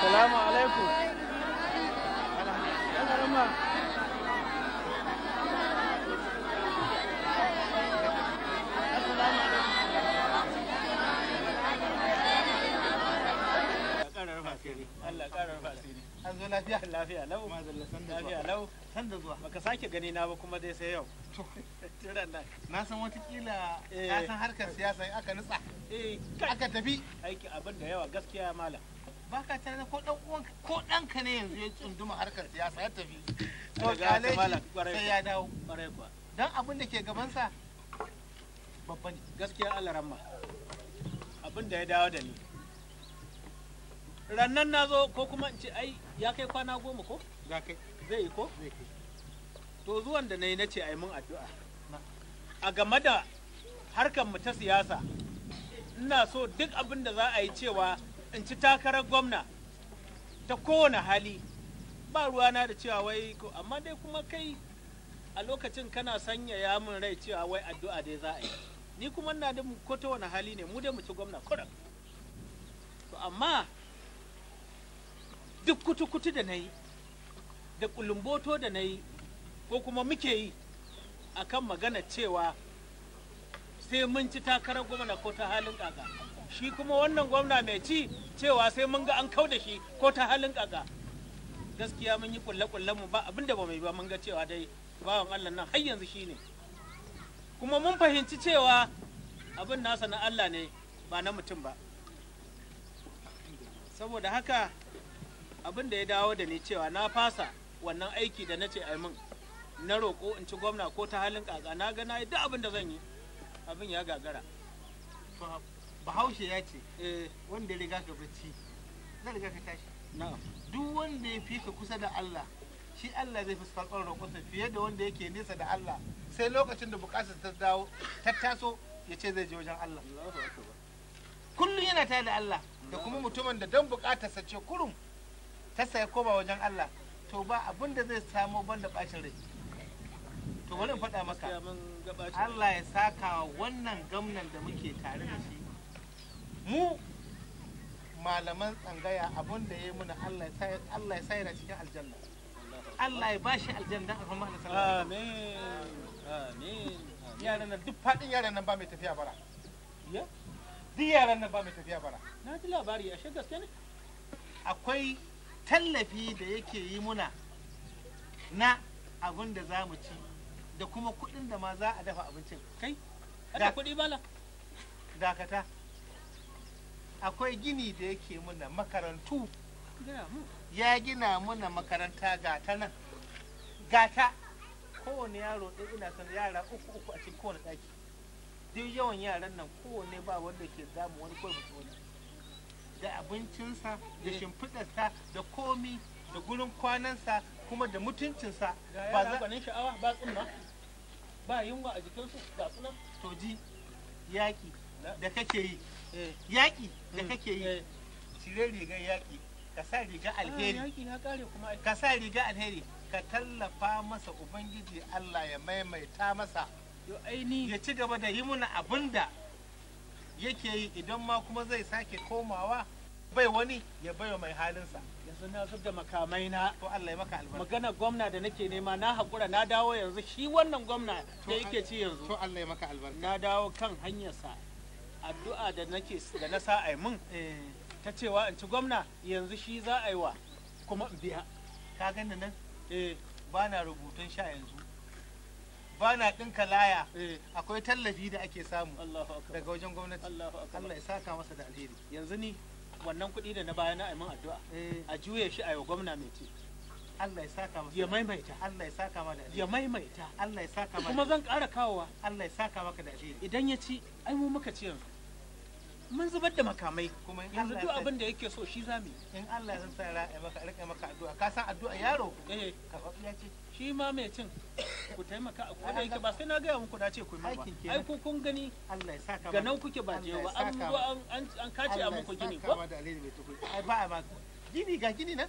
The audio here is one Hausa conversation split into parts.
السلام عليكم an zo lafiya lafiya lau lafiya lau san zuwa baka sake gani na ba kuma dai sai yau na san watakila ya eh. san harkar siyasa in aka nutsa eh, aka tafi aiki abin da yawa gaskiya malam baka ka tare ko dan uwan ko danka ne yanzu ya tsunduma harkar siyasa ya tafi to kale sai ya dawo dan abin da ke gabansa babba ne gaskiya Allah ramma abin da ya dawo da ni rannan na zo ko kuma in ce ai ya kai kwana goma ko ya kai zai yi ko zai kai to zuwan da na yi na ce ai mun addu'a a game da harkar mu ta siyasa ina so duk abin da za a yi cewa in ci takarar gwamna ta kowane hali ba ruwana da cewa wai ko amma dai kuma kai a lokacin kana sanya ya mun rai cewa wai addu'a dai za a yi ni kuma ina da ko ta wani hali ne mu dai mu ci gwamna da to amma duk kutu-kutu da na yi da kulumboto da na yi ko kuma muke yi a kan magana cewa sai mun ci takarar gwamna ko ta halin kaka shi kuma wannan gwamna mai ci cewa sai mun ga an kau da shi ko ta halin kaka gaskiya mun yi kulle-kullen mu ba abinda ba mai ba mun ga cewa dai bawan Allah nan har yanzu shine kuma mun fahimci cewa abin nasa na Allah ne ba na mutum ba saboda haka abin da ya dawo da ni cewa na fasa wannan aiki da na ce a min na roƙo in ci gwamna ko ta halin ƙaƙa na ga na yi duk abin da zan yi abin ya gagara bahaushe ya ce eh. wanda ya riga ka bacci zan riga ka tashi duk wanda ya fi ka kusa da Allah shi Allah zai fuskar roƙonsa fiye da wanda yake nesa da Allah sai lokacin da bukasa ta dawo ta taso ya ce zai je wajen Allah kullum yana tare da Allah da kuma mutumin da don bukatarsa ce kurum sassa ya koma wajen Allah to ba abin da zai samo banda bacin rai to wani in faɗa maka Allah ya saka wannan gwamnan da muke tare da shi mu malaman tsangaya abin da ya yi muna Allah ya sa yana cikin aljanna Allah ya bashi aljanna a kuma Allah amin amin yaran nan duk fadin yaran nan ba mai tafiya bara ya duk yaran nan ba mai tafiya bara na ji labari shi gaske ne akwai tallafi da yake yi muna na abin da za mu ci da kuma kuɗin da ma za a dafa abincin kai da kudi bala dakata akwai gini da yake muna makarantu ya gina muna makaranta gata nan gata kowane yaro ɗin ina son yara uku uku a cikin kowane ɗaki duk yawan yaran nan kowane ba wanda ke damu wani kawai mutum wani da abincinsa da shimfiɗarsa da komi da gurin kwanansa kuma da mutuncinsa ba za sha'awa ba tsumma ba yunwa a jikinsu ga suna. to ji yaƙi da kake yi eh. yaƙi da hmm. kake yi eh. cire rigar yaƙi ka sa riga ah, alheri ka sa riga alheri ka tallafa masa ubangiji Allah ya maimaita masa ya ci gaba da yi muna abinda yake yi idan ma kuma zai sake komawa bai wani ya baiwa mai halinsa yanzu na zub da makamai na to Allah ya maka albarka magana gwamna da nake nema na hakura na dawo yanzu shi wannan gwamna da yake ci yanzu to Allah ya maka albarka na dawo kan hanyarsa addu'a da nake da na sa ai mun eh. ta cewa in ci gwamna yanzu shi za a yi wa kuma in biya ka gani nan eh ba na rubutun sha yanzu ba na ɗinka laya eh. akwai tallafi da ake samu daga wajen gwamnati Allah ya saka masa da alheri yanzu ni wannan kuɗi da na baya na aiman addu'a eh. a juye shi a yau gwamna mai ce. Allah ya saka masa ya maimaita Allah ya saka masa da alheri ya maimaita Allah ya saka masa. kuma zan ƙara kawowa Allah ya saka maka da alheri idan ya ci ai mu muka ci yanzu mun zubar da makamai yanzu duk abin da yake so shi zamu in Allah ya sa ra ya maka rike maka addu'a ka san addu'a yaro eh kafafiya ce shi ma mai cin ku taimaka a koda yake ba sai na ga muku dace ce ku ma ba ai ku kun gani Allah ya saka ga nan kuke ba je ba an zo an an kace a muku gini ko ai ba a ba gini ga gini nan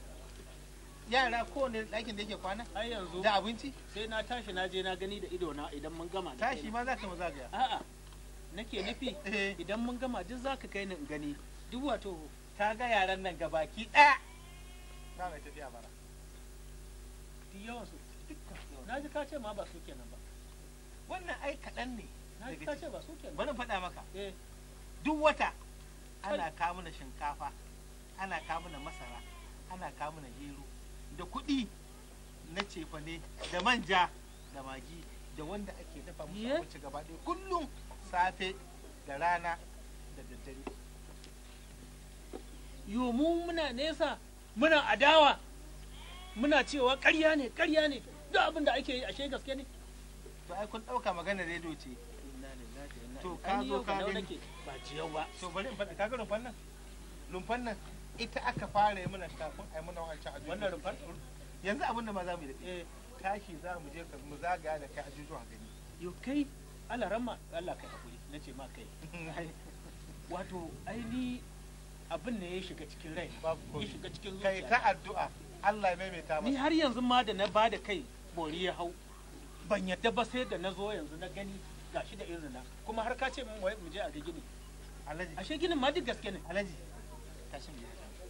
yara ko ne dakin da yake kwana ai yanzu da abinci sai na tashi na je na gani da ido na idan mun gama tashi ma za ka a a'a nake nufi eh. idan mun gama duk za ka kai ni gani duk wato ta ga yaran nan gabaki ɗaya na mai tafiya bara duk yawan su dukkan na ji ka ce ma ba su kenan ba wannan ai kaɗan ne na ji ka ce ba su kenan bari faɗa maka eh. duk wata ana kawo shinkafa ana kawo masara ana kawo gero da kuɗi na cefane da manja da magi da wanda ake dafa musu abinci gaba ɗaya kullum safe da rana da daddare yo mu muna nesa muna adawa muna cewa ƙarya ne ƙarya ne duk abin da ake yi ashe gaske ne to ai kun ɗauka magana rediyo ce to ka zo ka gani ba ciyau ba to bari in faɗa ga rumfan nan rumfan nan ita aka fara yi mana kafin ai muna wancan ajujuwa wannan rumfan yanzu abin da ma za mu yi da eh. tashi za mu je mu zagaya da kai zuwa gani yo kai Allah ramma Allah kai hakuri na ce ma kai wato aini abin ne ya shiga cikin rai ya shiga cikin zuciya kai ta addu'a Allah ya maimaita masa ni har yanzu ma da na ba da kai bori ya hau ban yadda ba sai da na zo yanzu na gani gashi da irin na kuma har ka ce min wai mu je a ga gini alaji ashe ginin ma duk gaske ne alaji tashin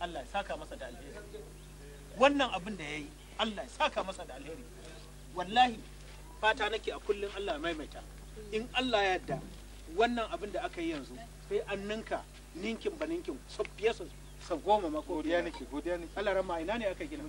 Allah ya saka masa da alheri wannan abin da yayi Allah ya saka masa da alheri wallahi fata nake a kullum Allah ya maimaita in Allah ya da wannan abin da aka yi yanzu sai an ninka ninkin ba ninkin sau fiye sau goma ma ko godiya nake godiya nake Allah rama ina ne aka gina